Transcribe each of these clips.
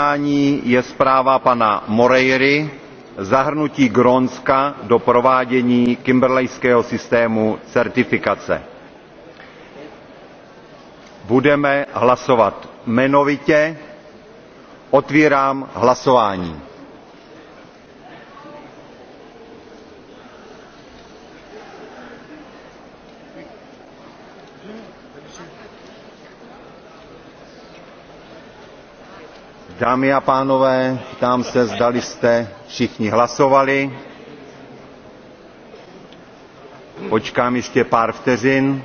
setkání je zpráva pana moreiry zahrnutí grónska do provádění kimberleyského systému certifikace. budeme hlasovat jmenovitě. otvírám hlasování. Dámy a pánové, ptám se, zdali jste všichni hlasovali. Počkám ještě pár vteřin.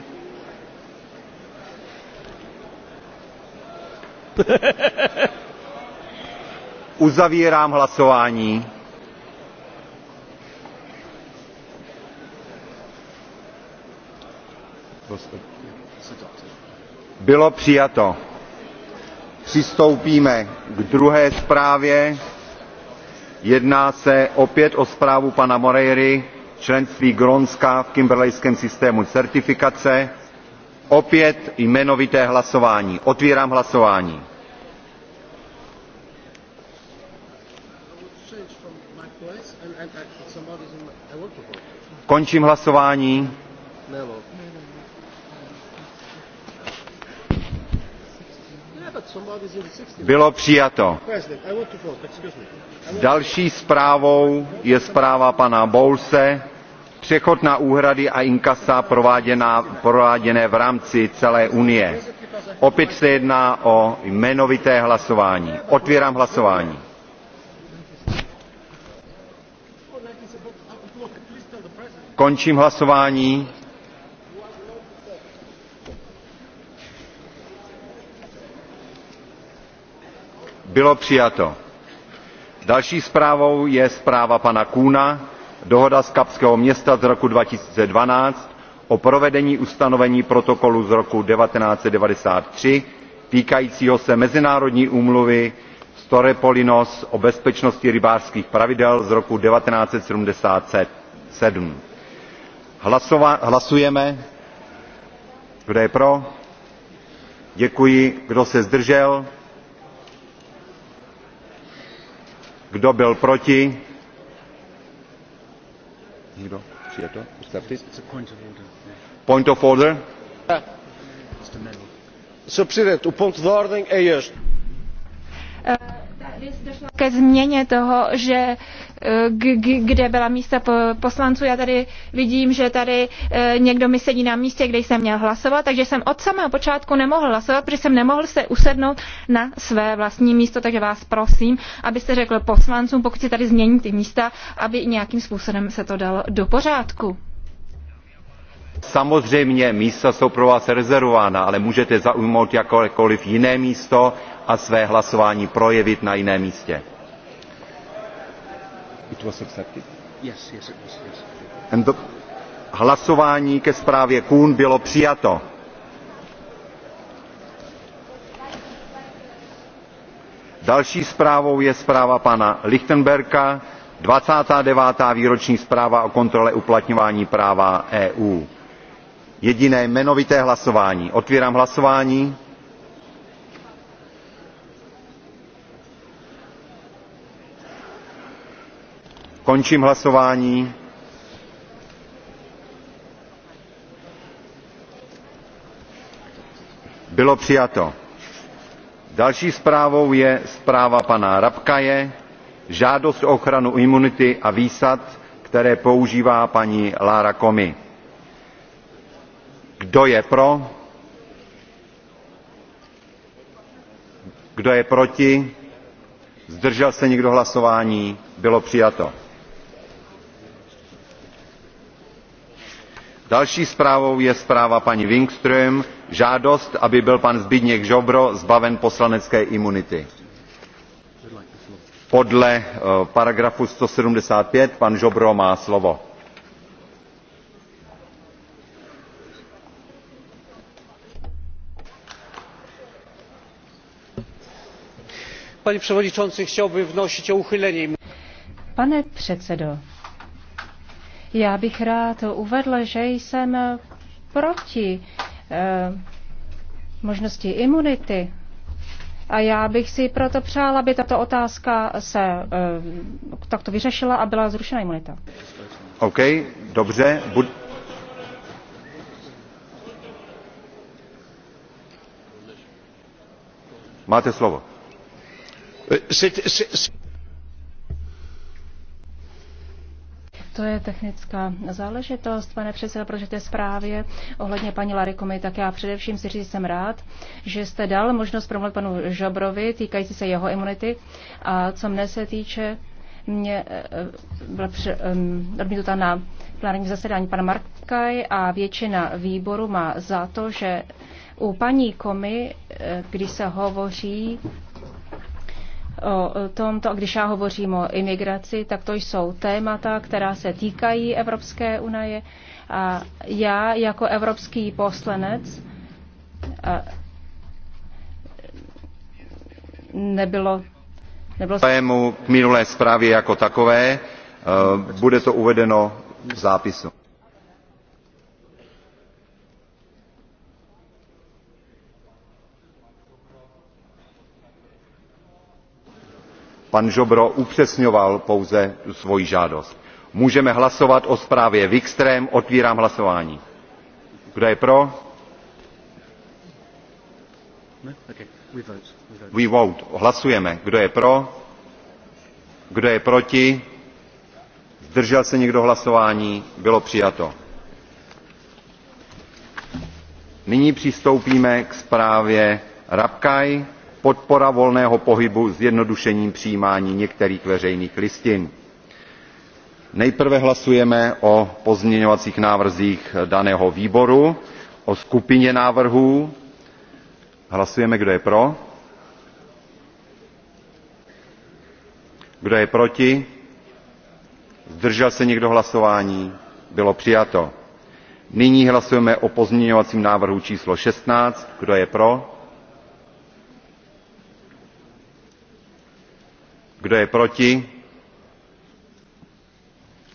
Uzavírám hlasování. Bylo přijato přistoupíme k druhé zprávě jedná se opět o zprávu pana moreiry členství grónska v kimberleyském systému certifikace opět jmenovité hlasování. otvírám hlasování. končím hlasování. Bylo přijato. Další zprávou je zpráva pana Boulse, přechod na úhrady a inkasa prováděná, prováděné v rámci celé Unie. Opět se jedná o jmenovité hlasování. Otvírám hlasování. Končím hlasování. bylo přijato. další zprávou je zpráva pana kuhna dohoda z kapského města z roku two thousand and twelve o provedení ustanovení protokolu z roku one thousand nine hundred and ninety three týkajícího se mezinárodní úmluvy storypolinos o bezpečnosti rybářských plavidel z roku. one thousand nine hundred and seventy seven hlasujeme. kdo je pro? děkuji. kdo se zdržel? Kdo byl proti? Nikdo? Point of order. Sr. Presidente, o ponto de ordem é ke změně toho, že eh, kde byla místa poslanců. Já tady vidím, že tady eh, někdo mi sedí na místě, kde jsem měl hlasovat, takže jsem od samého počátku nemohl hlasovat, protože jsem nemohl se usednout na své vlastní místo, takže vás prosím, abyste řekl poslancům, pokud si tady změní ty místa, aby nějakým způsobem se to dalo do pořádku. Samozřejmě místa jsou pro vás rezervována, ale můžete zaujmout jakékoliv jiné místo a své hlasování projevit na jiném místě. hlasování ke zprávě kuhn bylo přijato. další zprávou je zpráva pana Lichtenberka. 29. výroční zpráva o kontrole uplatňování práva eu. jediné jmenovité hlasování. otvírám hlasování. končím hlasování. bylo přijato. další zprávou je zpráva pana rapkaye žádost o ochranu imunity a výsad které používá paní lara comi. kdo je pro? kdo je proti? zdržel se někdo hlasování? bylo přijato. další zprávou je zpráva paní wikstrmové žádost aby byl pan zbigněk ziobro zbaven poslanecké imunity. podle eh, paragrafu one hundred and seventy five pan ziobro má slovo. panie przewodniczący chtěl wnosić o uchylenie immunitety. pane předsedo já bych rád uvedl, že jsem proti eh, možnosti imunity. A já bych si proto přála, aby tato otázka se eh, takto vyřešila a byla zrušena imunita. OK, dobře. Bud- Máte slovo. Eh, To je technická záležitost, pane předsedo, protože té zprávě ohledně paní Larikomy, tak já především si říct, jsem rád, že jste dal možnost promluvit panu Žobrovi týkající se jeho imunity a co mne se týče, mě eh, byla um, ehm, odmítnuta na plenárním zasedání pana Markaj a většina výboru má za to, že u paní Komy, eh, když se hovoří o tomto, když já hovořím o imigraci, tak to jsou témata, která se týkají Evropské unie. A já jako evropský poslanec nebylo, nebylo... k minulé zprávě jako takové. E, bude to uvedeno v zápisu. pan jobro upřesňoval pouze svoji žádost. můžeme hlasovat o zprávě wikstrm otevírám hlasování. kdo je pro? No? we vote. hlasujeme. kdo je pro? kdo je proti? zdržel se někdo hlasování? bylo přijato. nyní přistoupíme k zprávě rapkay podpora volného pohybu zjednodušením přijímání některých veřejných listin. nejprve hlasujeme o pozměňovacích návrzích daného výboru o skupině návrhů. hlasujeme kdo je pro kdo je proti zdržel se někdo hlasování? bylo přijato. nyní hlasujeme o pozměňovacím návrhu číslo sixteen kdo je pro? kdo je proti?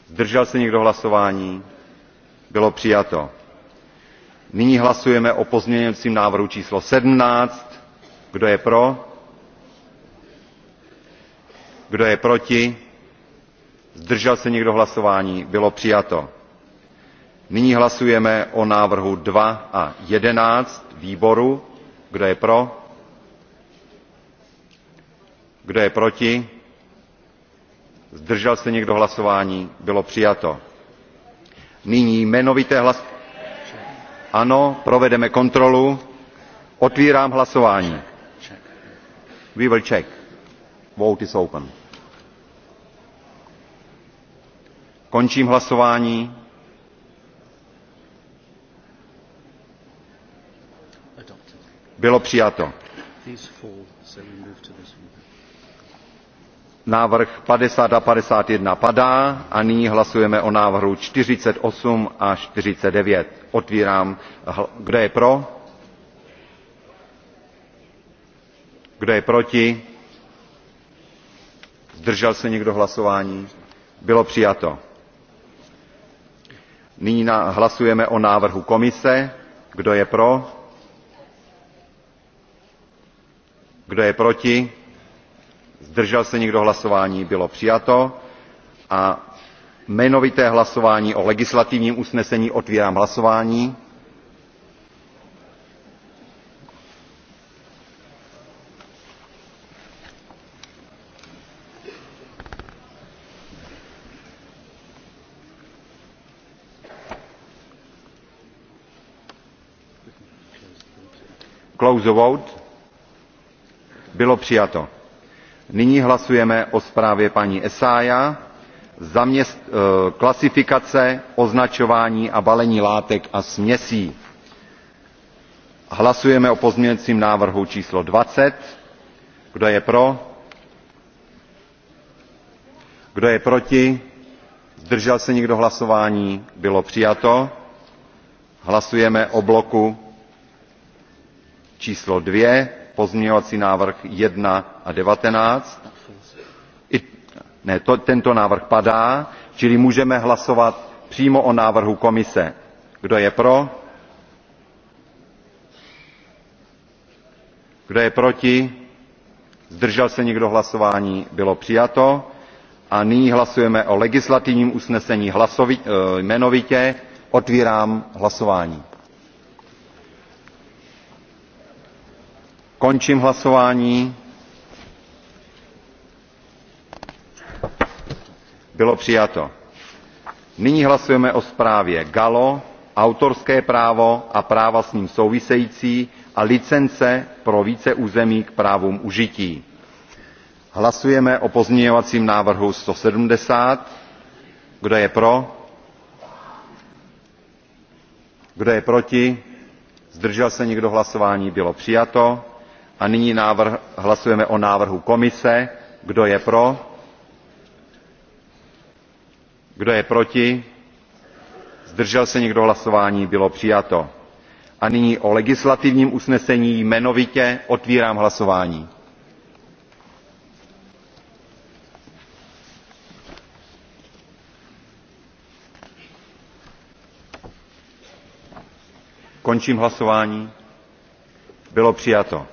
zdržel se někdo hlasování? bylo přijato. nyní hlasujeme o pozměňovacím návrhu číslo seventeen kdo je pro? kdo je proti? zdržel se někdo hlasování? bylo přijato. nyní hlasujeme o návrhu two a eleven výboru kdo je pro? kdo je proti? zdržel se někdo hlasování bylo přijato. nyní jmenovité hlasování ano provedeme kontrolu otvírám hlasování we will check vote is open končím hlasování bylo přijato návrh fifty a fifty one padá a nyní hlasujeme o návrhu forty eight a. forty nine otvírám kdo je pro? kdo je proti? zdržel se někdo hlasování? bylo přijato. nyní hlasujeme o návrhu komise. kdo je pro? kdo je proti? zdržel se někdo hlasování bylo přijato a jmenovité hlasování o legislativním usnesení otvírám hlasování close the vote bylo přijato nyní hlasujeme o zprávě paní essayové eh, klasifikace označování a balení látek a směsí. hlasujeme o pozměňovacím návrhu číslo twenty kdo je pro? kdo je proti? zdržel se někdo hlasování? bylo přijato. hlasujeme o bloku číslo two pozměňovací návrh one a nineteen tento návrh padá čili můžeme hlasovat přímo o návrhu komise. kdo je pro? kdo je proti? zdržel se někdo hlasování? bylo přijato. a nyní hlasujeme o legislativním usnesení Hlasovi, eh, jmenovitě. otvírám hlasování. Končím hlasování. Bylo přijato. Nyní hlasujeme o zprávě Galo, autorské právo a práva s ním související a licence pro více území k právům užití. Hlasujeme o pozměňovacím návrhu 170. Kdo je pro? Kdo je proti? Zdržel se někdo hlasování? Bylo přijato a nyní hlasujeme o návrhu komise kdo je pro kdo je proti zdržel se někdo hlasování bylo přijato a nyní o legislativním usnesení jmenovitě otvírám hlasování končím hlasování bylo přijato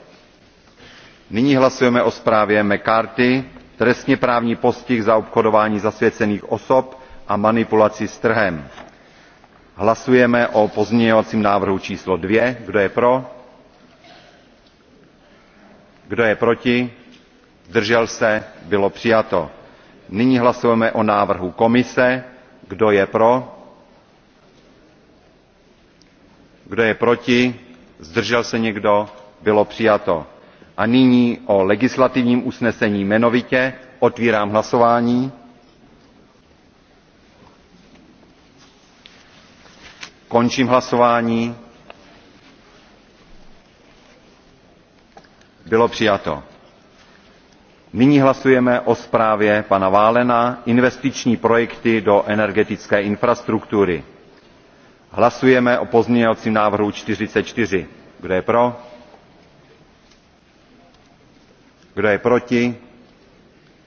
nyní hlasujeme o zprávě mccarthy trestněprávní postih za obchodování zasvěcených osob a manipulaci s trhem. hlasujeme o pozměňovacím návrhu číslo two kdo je pro? kdo je proti? zdržel se? bylo přijato. nyní hlasujeme o návrhu komise kdo je pro? kdo je proti? zdržel se někdo? bylo přijato a nyní o legislativním usnesení jmenovitě otvírám hlasování. končím hlasování. bylo přijato. nyní hlasujeme o zprávě pana wálena investiční projekty do energetické infrastruktury. hlasujeme o pozměňovacím návrhu forty four kdo je pro? kdo je proti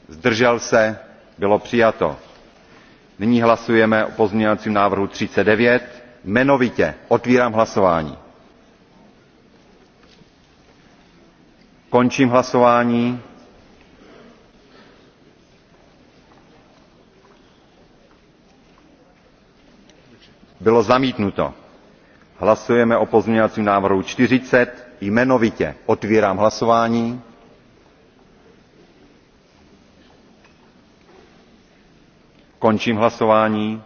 zdržel se bylo přijato. nyní hlasujeme o pozměňovacím návrhu thirty nine jmenovitě otvírám hlasování. končím hlasování. bylo zamítnuto. hlasujeme o pozměňovacím návrhu forty jmenovitě otvírám hlasování. končím hlasování.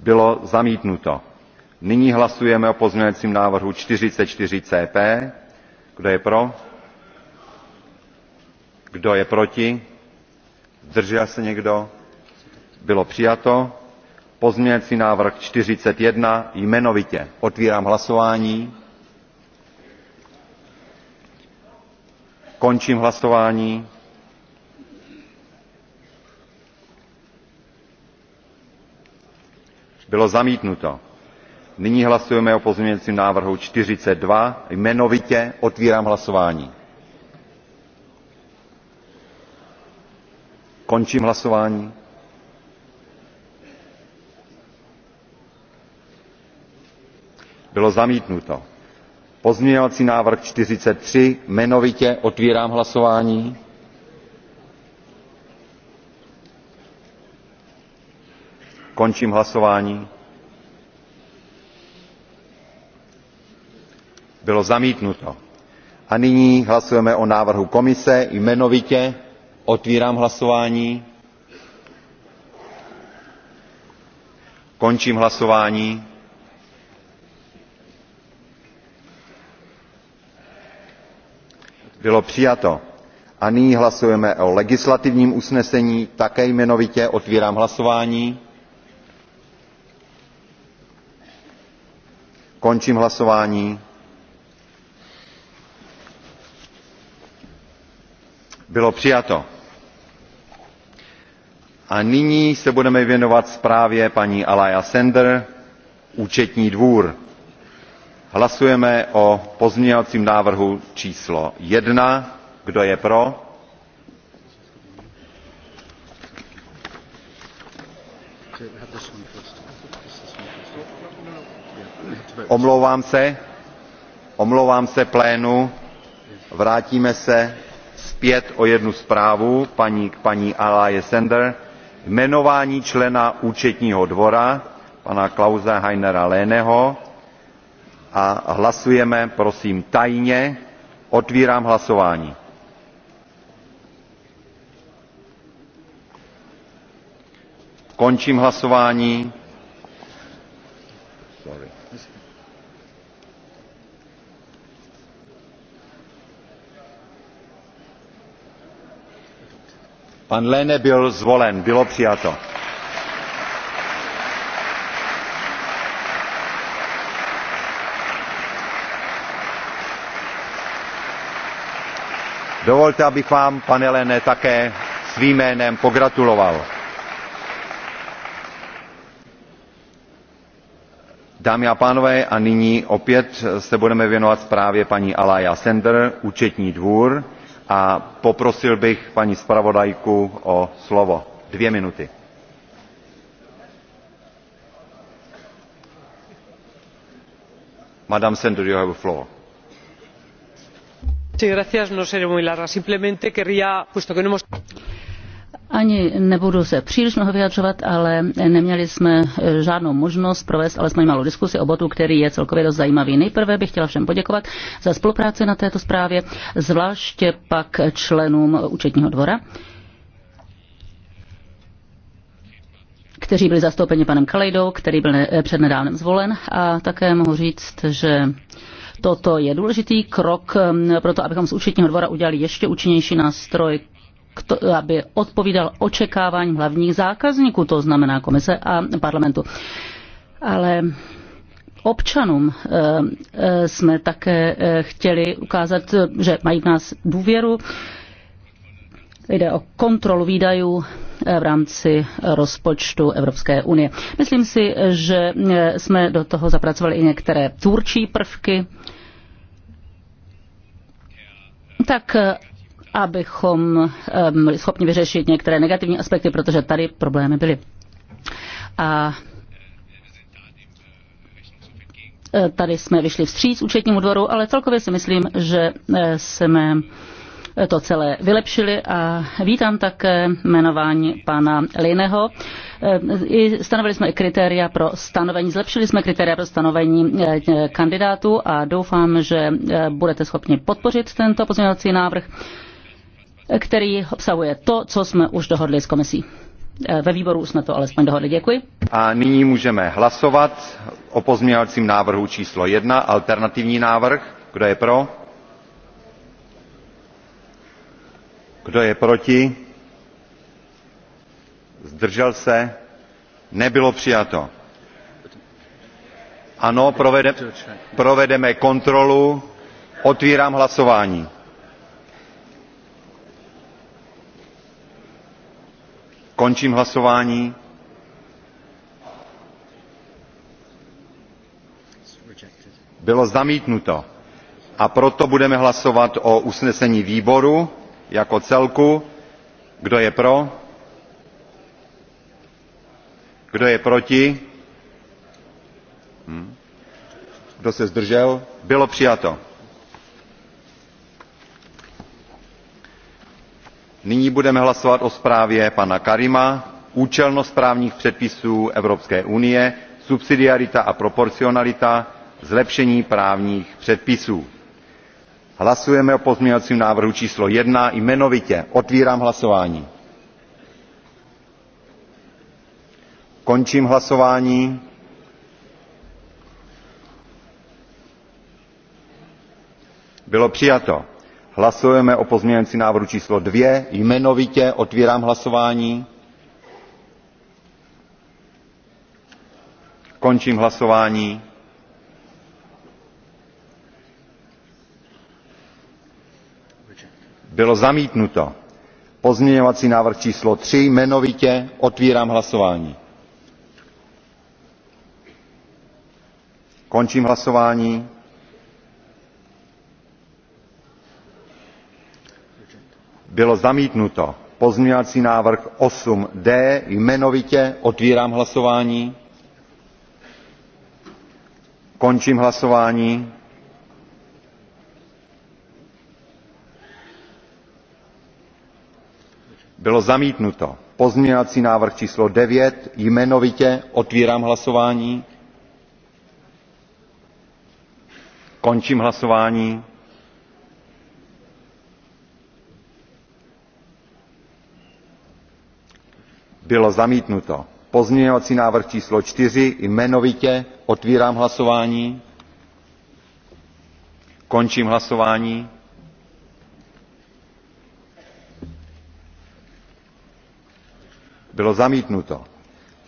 bylo zamítnuto. nyní hlasujeme o pozměňovacím návrhu forty four cp. kdo je pro? kdo je proti? zdržel se někdo? bylo přijato. pozměňovací návrh forty one jmenovitě. otvírám hlasování. končím hlasování. bylo zamítnuto. nyní hlasujeme o pozměňovacím návrhu forty two jmenovitě otvírám hlasování. končím hlasování. bylo zamítnuto pozměňovací návrh forty three jmenovitě otvírám hlasování. končím hlasování. bylo zamítnuto. a nyní hlasujeme o návrhu komise jmenovitě otvírám hlasování. končím hlasování. bylo přijato. a nyní hlasujeme o legislativním usnesení také jmenovitě otvírám hlasování. končím hlasování. bylo přijato. a nyní se budeme věnovat zprávě paní ayala Sender, účetní dvůr hlasujeme o pozměňovacím návrhu číslo one kdo je pro? omlouvám se omlouvám se plénu vrátíme se zpět o jednu zprávu paní, paní alaje sender jmenování člena účetního dvora pana klause heinera lehneho a hlasujeme prosím tajně otvírám hlasování. končím hlasování. pan lehne byl zvolen bylo přijato. dovolte abych vám pane lehne také svým jménem pogratuloval. dámy a pánové a nyní opět se budeme věnovat zprávě paní alaje senderové účetní dvůr a poprosil bych paní zpravodajku o slovo. dvě minuty. Madam Sender, you have the floor. No no Ani nebudu se příliš mnoho vyjadřovat, ale neměli jsme eh, žádnou možnost provést alespoň malou diskusi o botu, který je celkově dost zajímavý. Nejprve bych chtěla všem poděkovat za spolupráci na této zprávě, zvláště pak členům účetního dvora, kteří byli zastoupeni panem Kalejdou, který byl eh, přednedávnem zvolen a také mohu říct, že Toto je důležitý krok pro to, abychom z účetního dvora udělali ještě účinnější nástroj to, aby odpovídal očekáváním hlavních zákazníků, to znamená komise a parlamentu. Ale občanům jsme také eh, chtěli ukázat, že mají v nás důvěru Jde o kontrolu výdajů eh, v rámci rozpočtu Evropské unie. Myslím si, že eh, jsme do toho zapracovali i některé tvůrčí prvky, tak eh, abychom byli schopni vyřešit některé negativní aspekty, protože tady problémy byly. A tady jsme vyšli vstříc účetnímu dvoru, ale celkově si myslím, že jsme to celé vylepšili a vítám také jmenování pana Lineho. E, I stanovili jsme i kritéria pro stanovení, zlepšili jsme kritéria pro stanovení e, kandidátů a doufám, že e, budete schopni podpořit tento pozměňovací návrh, který obsahuje to, co jsme už dohodli s komisí. Ve výboru jsme to alespoň dohodli. Děkuji. A nyní můžeme hlasovat o pozměňovacím návrhu číslo 1, alternativní návrh. Kdo je pro? kdo je proti zdržel se nebylo přijato. ano provede, provedeme kontrolu otvírám hlasování. končím hlasování. bylo zamítnuto a proto budeme hlasovat o usnesení výboru jako celku kdo je pro kdo je proti hm? kdo se zdržel bylo přijato. nyní budeme hlasovat o zprávě pana karima účelnost právních předpisů evropské unie subsidiarita a proporcionalita zlepšení právních předpisů hlasujeme o pozměňovacím návrhu číslo one jmenovitě. otvírám hlasování. končím hlasování. bylo přijato. hlasujeme o pozměňovacím návrhu číslo two jmenovitě. otvírám hlasování. končím hlasování. bylo zamítnuto. pozměňovací návrh číslo three jmenovitě otvírám hlasování. končím hlasování. bylo zamítnuto. pozměňovací návrh eight d jmenovitě otvírám hlasování. končím hlasování. bylo zamítnuto. pozměňovací návrh číslo nine jmenovitě otvírám hlasování končím hlasování bylo zamítnuto. pozměňovací návrh číslo four jmenovitě otvírám hlasování končím hlasování bylo zamítnuto.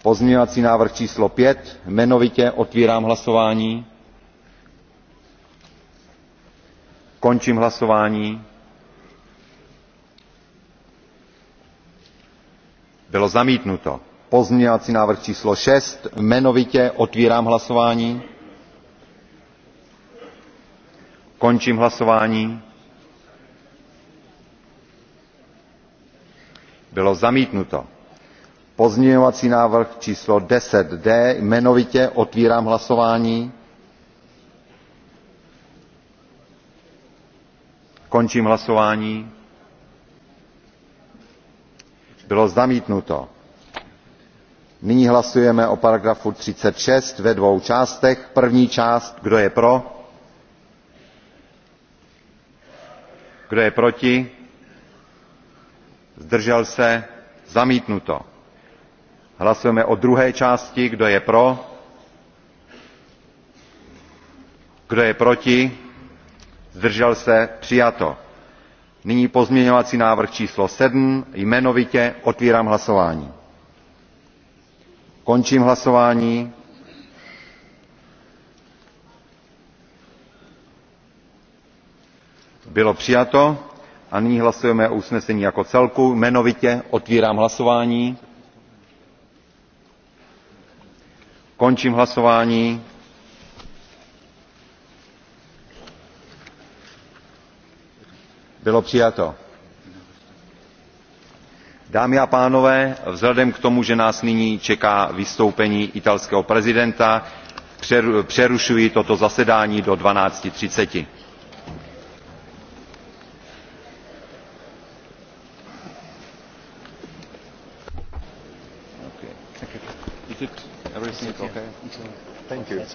pozměňovací návrh číslo five jmenovitě otvírám hlasování. končím hlasování. bylo zamítnuto. pozměňovací návrh číslo six jmenovitě otvírám hlasování. končím hlasování. bylo zamítnuto pozměňovací návrh číslo ten d jmenovitě otvírám hlasování. končím hlasování. bylo zamítnuto. nyní hlasujeme o paragrafu thirty six ve dvou částech. první část kdo je pro? kdo je proti? zdržel se? zamítnuto hlasujeme o druhé části kdo je pro kdo je proti zdržel se přijato. nyní pozměňovací návrh číslo seven jmenovitě otvírám hlasování. končím hlasování. bylo přijato a nyní hlasujeme o usnesení jako celku jmenovitě otvírám hlasování. končím hlasování. bylo přijato. dámy a pánové vzhledem k tomu že nás nyní čeká vystoupení italského prezidenta přerušuji toto zasedání do. 12:30. Thank you.